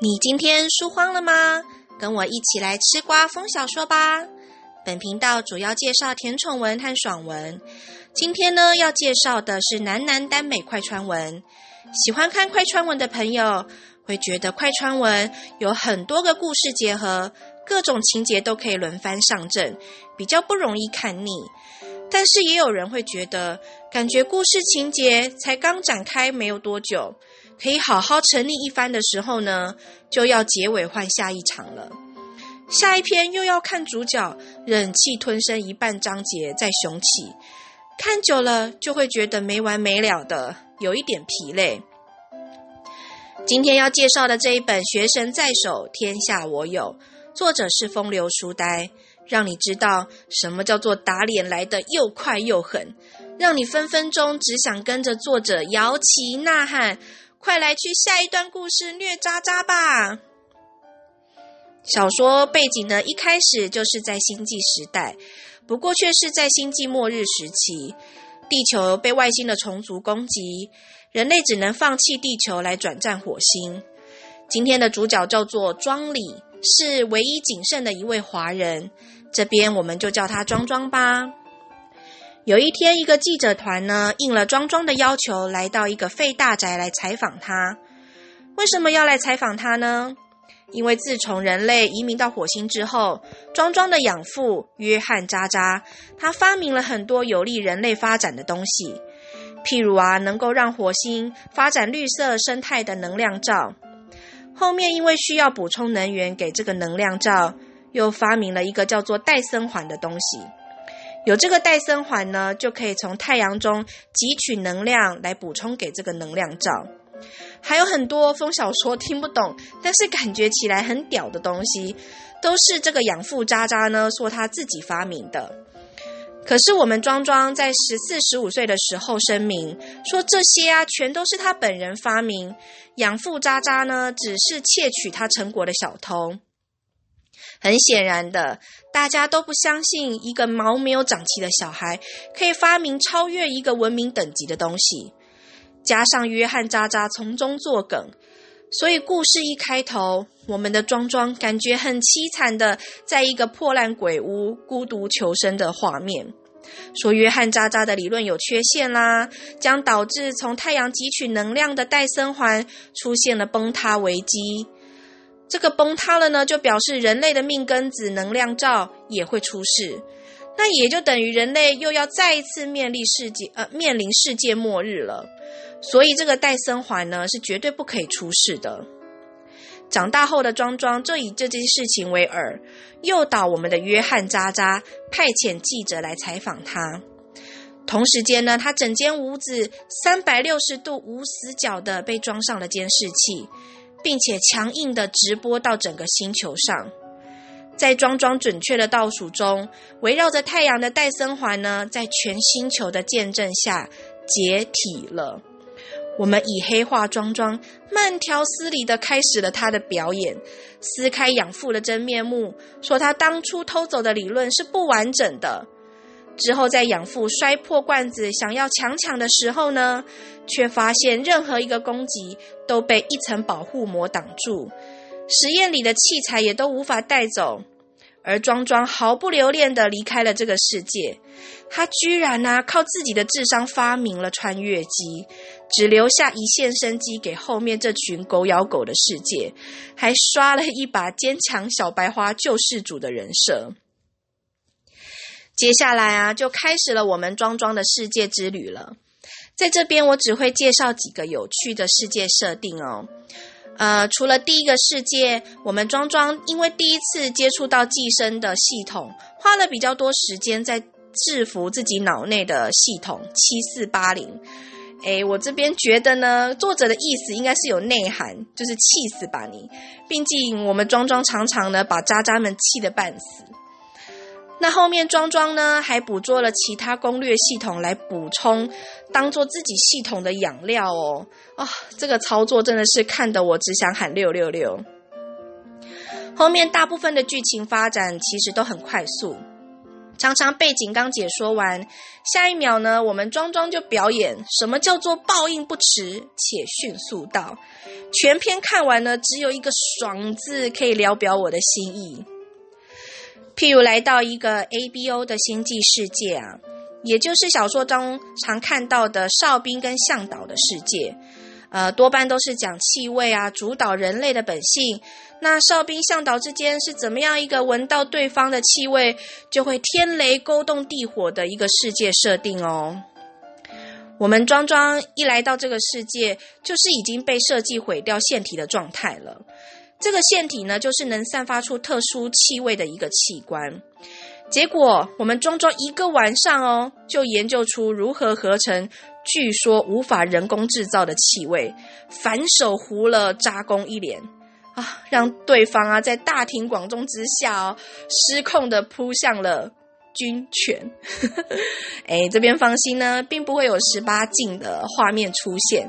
你今天書荒了嗎？跟我一起來吃瓜風小說吧。本頻道主要介紹甜寵文和爽文。今天呢，要介紹的是男男耽美快穿文。喜歡看快穿文的朋友，會覺得快穿文有很多個故事結合，各種情節都可以輪番上陣，比較不容易看膩。但是也有人會覺得，感覺故事情節才剛展開沒有多久。可以好好沉溺一番的時候呢，就要結尾換下一場了。下一篇又要看主角忍氣吞聲一半章節再雄起，看久了就會覺得沒完沒了的，有一點疲累。今天要介紹的這一本《學神在手，天下我有》，作者是風流書呆，讓你知道什麼叫做打臉來得又快又狠，讓你分分鐘只想跟着作者搖旗吶喊。快來去下一段故事虐渣渣吧！小說背景呢，一開始就是在星際時代，不過卻是在星際末日時期，地球被外星的蟲族攻擊，人類只能放棄地球來轉戰火星。今天的主角叫做莊里，是唯一僅剩的一位華人，這邊我們就叫他莊莊吧。有一天，一個記者團呢應了莊莊的要求，來到一個廢大宅來採訪他。為什麼要來採訪他呢？因為自從人類移民到火星之後，莊莊的養父約翰渣渣，他發明了很多有利人類發展的東西，譬如啊，能夠讓火星發展綠色生態的能量罩。後面因為需要補充能源給這個能量罩，又發明了一個叫做戴森環的東西。有這個戴森環呢，就可以從太陽中汲取能量來補充給這個能量罩。還有很多封小說聽不懂，但是感覺起來很屌的東西，都是這個養父渣渣呢說他自己發明的。可是我們莊莊在十四十五歲的時候聲明說，這些啊全都是他本人發明，養父渣渣呢只是竊取他成果的小偷。很顯然的，大家都不相信一個毛沒有長齊的小孩可以發明超越一個文明等級的東西。加上約翰渣渣從中作梗，所以故事一開頭，我們的莊莊感覺很凄慘地在一個破爛鬼屋孤獨求生的畫面。說約翰渣渣的理論有缺陷啦，將導致從太陽汲取能量的戴森環出現了崩塌危機。這個崩塌了呢，就表示人類的命根子能量罩也會出事，那也就等於人類又要再一次面臨世界呃，面臨世界末日了。所以這個戴森環呢，是絕對不可以出事的。長大後的莊莊，就以這件事情為餌，誘導我們的約翰渣渣派遣記者來採訪他。同時間呢，他整間屋子三百六十度無死角的被裝上了監視器。並且強硬的直播到整個星球上，在莊莊準確的倒數中，圍繞着太陽的戴森環呢，在全星球的見證下解體了。我們以黑化莊莊，慢條斯理的開始了他的表演，撕開養父的真面目，說他當初偷走的理論是不完整的。之後，在養父摔破罐子想要強搶，搶的時候呢，卻發現任何一個攻擊都被一層保護膜擋住，實驗裡的器材也都無法帶走，而莊莊毫不留戀的離開了這個世界。他居然呢、啊，靠自己的智商發明了穿越機，只留下一線生機給後面這群狗咬狗的世界，還刷了一把堅強小白花救世主的人設。接下來啊，就開始了我們莊莊的世界之旅了。在這邊，我只會介紹幾個有趣的世界設定哦。呃，除了第一個世界，我們莊莊因為第一次接觸到寄生的系統，花了比較多時間在制服自己腦內的系統，七四八零。哎，我這邊覺得呢，作者的意思應該是有內涵，就是氣死吧你。畢竟我們莊莊常常呢，把渣渣們氣得半死。那後面莊莊呢，還捕捉了其他攻略系統來補充，當做自己系統的養料哦。啊、哦，這個操作真的是看得我只想喊六六六。後面大部分的劇情發展其實都很快速，常常背景剛解說完，下一秒呢，我們莊莊就表演什麼叫做報應不遲且迅速到。全篇看完呢，只有一個爽字可以聊表我的心意。譬如來到一個 ABO 的星際世界啊，也就是小說中常看到的哨兵跟嚮導的世界，呃，多半都是講氣味啊，主導人類的本性。那哨兵嚮導之間是怎麼樣一個聞到對方的氣味，就會天雷勾動地火的一個世界設定哦。我們裝裝一來到這個世界，就是已經被設計毀掉腺體的狀態了。這個腺體呢，就是能散發出特殊氣味的一個器官。結果，我們裝裝一個晚上哦，就研究出如何合成據說無法人工製造的氣味，反手糊了渣攻一臉啊，讓對方啊在大庭廣眾之下哦失控的撲向了軍犬，哎、 欸，這邊放心呢，並不會有十八禁的畫面出現。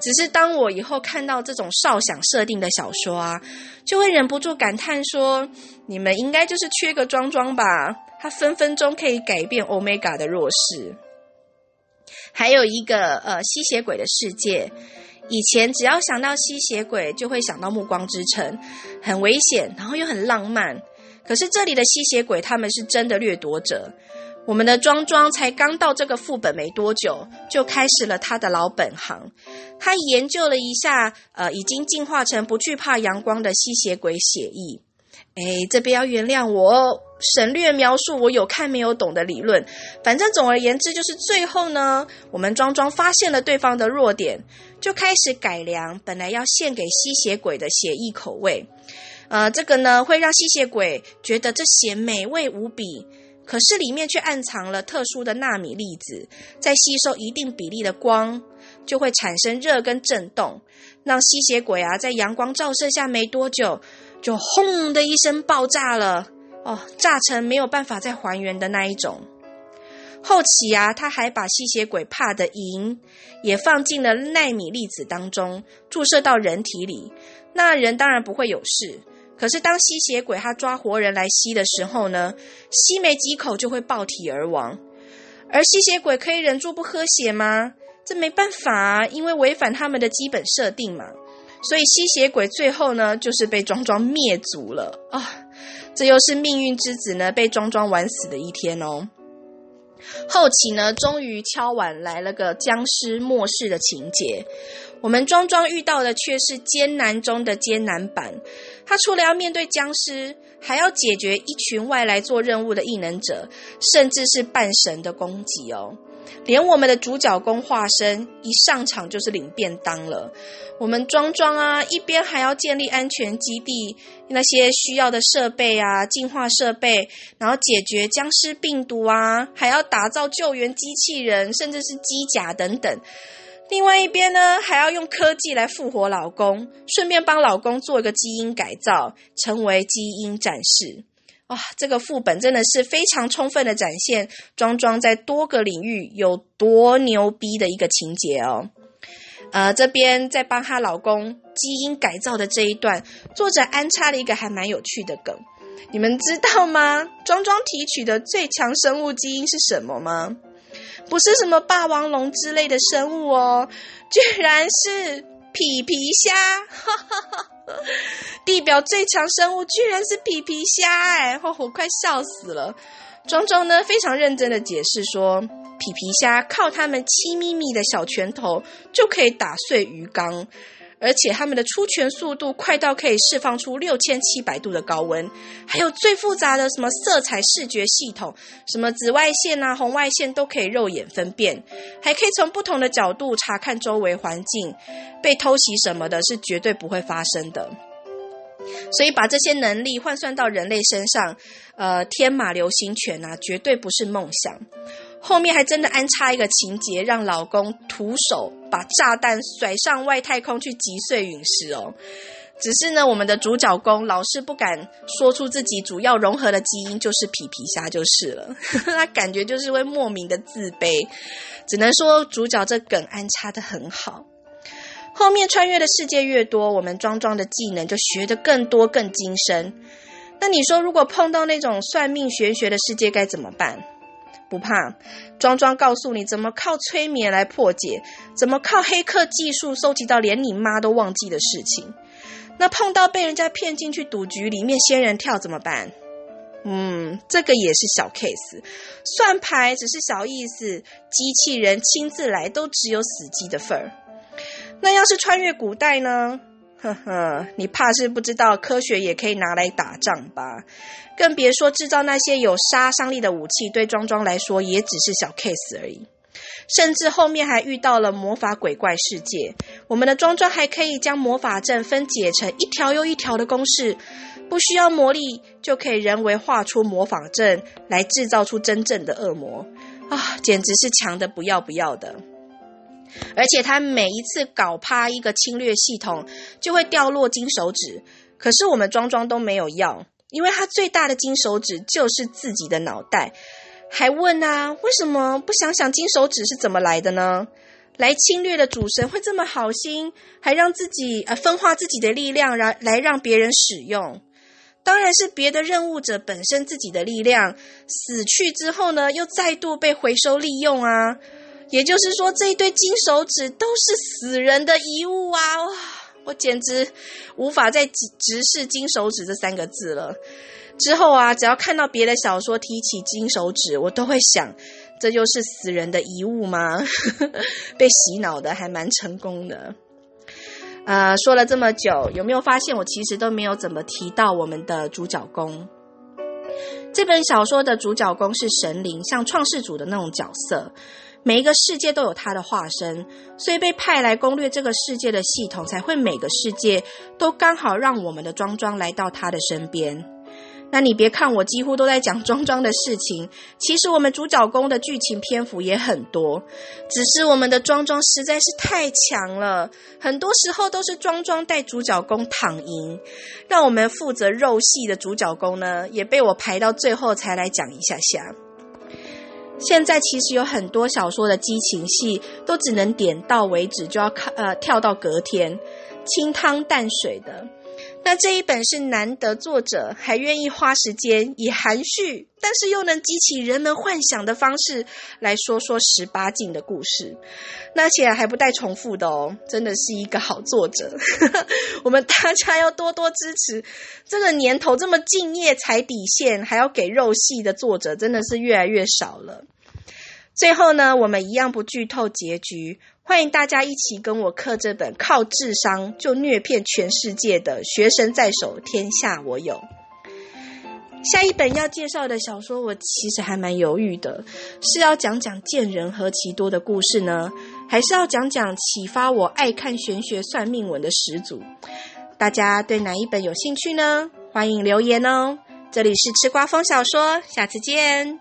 只是當我以後看到這種哨向設定的小說啊，就會忍不住感嘆說：你們應該就是缺個裝裝吧？他分分鐘可以改變 Omega 的弱勢。還有一個呃，吸血鬼的世界，以前只要想到吸血鬼，就會想到暮光之城，很危險，然後又很浪漫。可是這裡的吸血鬼他們是真的掠奪者，我們的莊莊才剛到這個副本沒多久，就開始了他的老本行。他研究了一下，呃，已經進化成不懼怕陽光的吸血鬼血液。誒，這邊要原諒我、哦，省略描述我有看沒有懂的理論。反正總而言之，就是最後呢，我們莊莊發現了對方的弱點，就開始改良本來要獻給吸血鬼的血液口味。呃，這個呢，會讓吸血鬼覺得這血美味無比，可是裡面卻暗藏了特殊的納米粒子，在吸收一定比例的光，就會產生熱跟震動，讓吸血鬼啊在陽光照射下沒多久就轟的一聲爆炸了哦，炸成沒有辦法再還原的那一種。後期啊，他還把吸血鬼怕的銀也放進了納米粒子當中，注射到人體裡，那人當然不會有事。可是，當吸血鬼他抓活人來吸的時候呢，吸沒幾口就會爆體而亡。而吸血鬼可以忍住不喝血嗎？這沒辦法啊，因為違反他們的基本設定嘛。所以吸血鬼最後呢，就是被莊莊滅族了啊！哦，這又是命運之子呢，被莊莊玩死的一天哦。後期呢，終於敲碗來了個僵屍末世的情節。我們裝裝遇到的卻是艱難中的艱難版，他除了要面對僵屍，還要解決一群外來做任務的異能者，甚至是半神的攻擊哦。連我們的主角攻化身一上場就是領便當了。我們裝裝啊，一邊還要建立安全基地，那些需要的設備啊，淨化設備，然後解決僵屍病毒啊，還要打造救援機器人，甚至是機甲等等。另外一邊呢，還要用科技來復活老公，順便幫老公做一個基因改造，成為基因戰士。哇、哦，這個副本真的是非常充分的展現莊莊在多個領域有多牛逼的一個情節哦。呃，這邊在幫她老公基因改造的這一段，作者安插了一個還蠻有趣的梗，你們知道嗎？莊莊提取的最強生物基因是什麼嗎？不是什麼霸王龍之類的生物哦，居然是皮皮蝦！ 地表最強生物居然是皮皮蝦、欸，哎，我我快笑死了。壯壯呢非常認真地解釋說，皮皮蝦靠他們七咪咪的小拳頭就可以打碎魚缸。而且他們的出拳速度快到可以釋放出六千七百度的高溫，還有最複雜的什麼色彩視覺系統，什麼紫外線啊、紅外線都可以肉眼分辨，還可以從不同的角度查看周圍環境，被偷襲什麼的是絕對不會發生的。所以把這些能力換算到人類身上，呃，天馬流星拳啊，絕對不是夢想。後面還真的安插一個情節，讓老公徒手把炸彈甩上外太空去擊碎隕石哦。只是呢，我們的主角攻老是不敢說出自己主要融合的基因就是皮皮蝦，就是了呵呵。他感覺就是會莫名的自卑。只能說主角這梗安插得很好。後面穿越的世界越多，我們裝裝的技能就學得更多更精深。那你說，如果碰到那種算命玄學的世界該怎麼辦？不怕，莊莊告訴你怎麼靠催眠來破解，怎麼靠黑客技術收集到連你媽都忘記的事情。那碰到被人家騙進去賭局裡面仙人跳怎麼辦？嗯，這個也是小 case。算牌只是小意思，機器人親自來都只有死機的份兒。那要是穿越古代呢？呵呵，你怕是不知道科學也可以拿來打仗吧？更別說製造那些有殺傷力的武器，對莊莊來說也只是小 case 而已。甚至後面還遇到了魔法鬼怪世界，我們的莊莊還可以將魔法陣分解成一條又一條的公式，不需要魔力就可以人為畫出魔法陣來製造出真正的惡魔啊！簡直是強的不要不要的。而且他每一次搞趴一個侵略系統，就會掉落金手指。可是我們裝裝都沒有要，因為他最大的金手指就是自己的腦袋。還問啊，為什麼不想想金手指是怎麼來的呢？來侵略的主神會這麼好心，還讓自己呃分化自己的力量來，然來讓別人使用？當然是別的任務者本身自己的力量，死去之後呢，又再度被回收利用啊。也就是說，這一堆金手指都是死人的遺物啊！我，我簡直無法再直視“金手指”這三個字了。之後啊，只要看到別的小說提起“金手指”，我都會想：這就是死人的遺物嗎？ 被洗腦的還蠻成功的。呃，說了這麼久，有沒有發現我其實都沒有怎麼提到我們的主角攻？這本小說的主角攻是神靈，像創世主的那種角色。每一個世界都有他的化身，所以被派來攻略這個世界的系統才會每個世界都剛好讓我們的莊莊來到他的身邊。那你別看我幾乎都在講莊莊的事情，其實我們主角攻的劇情篇幅也很多，只是我們的莊莊實在是太強了，很多時候都是莊莊帶主角攻躺贏。讓我們負責肉戲的主角攻呢，也被我排到最後才來講一下下。現在其實有很多小說的激情戲，都只能點到為止，就要看，呃，跳到隔天，清湯淡水的。那這一本是難得，作者還願意花時間以含蓄但是又能激起人們幻想的方式來說說十八禁的故事，那且還不帶重複的哦，真的是一個好作者， 我們大家要多多支持。這個年頭這麼敬業踩底線還要給肉戲的作者，真的是越來越少了。最後呢，我們一樣不劇透結局，歡迎大家一起跟我刻這本靠智商就虐騙全世界的學神在手，天下我有。下一本要介紹的小說，我其實還蠻猶豫的，是要講講“賤人何其多”的故事呢，還是要講講啟發我愛看玄學算命文的始祖？大家對哪一本有興趣呢？歡迎留言哦！這裡是吃瓜風小說，下次見。